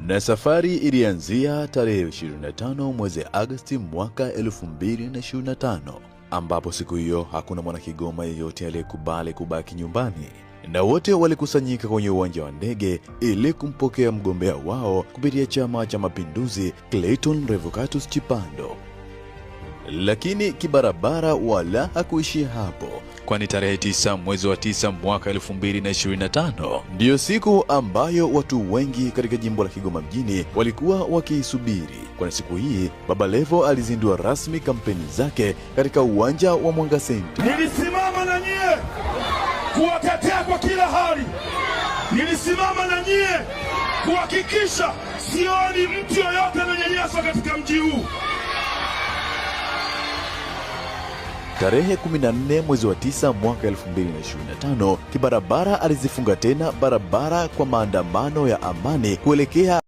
Na safari ilianzia tarehe 25 mwezi Agosti mwaka 2025 ambapo siku hiyo hakuna mwanakigoma yeyote aliyekubali kubaki nyumbani na wote walikusanyika kwenye uwanja wa ndege ili kumpokea mgombea wao kupitia Chama cha Mapinduzi Clayton Revocatus Chipando lakini kibarabara wala hakuishia hapo, kwani tarehe 9 mwezi wa 9 mwaka 2025 ndiyo siku ambayo watu wengi katika jimbo la Kigoma mjini walikuwa wakiisubiri, kwani siku hii Baba Levo alizindua rasmi kampeni zake katika uwanja wa Mwanga Center. Nilisimama na nyie kuwatetea kwa kila hali, nilisimama na nyie kuhakikisha sioni mtu yoyote ananyanyaswa katika mji huu. Tarehe 14 mwezi wa 9 mwaka 2025, Kibarabara alizifunga tena barabara kwa maandamano ya amani kuelekea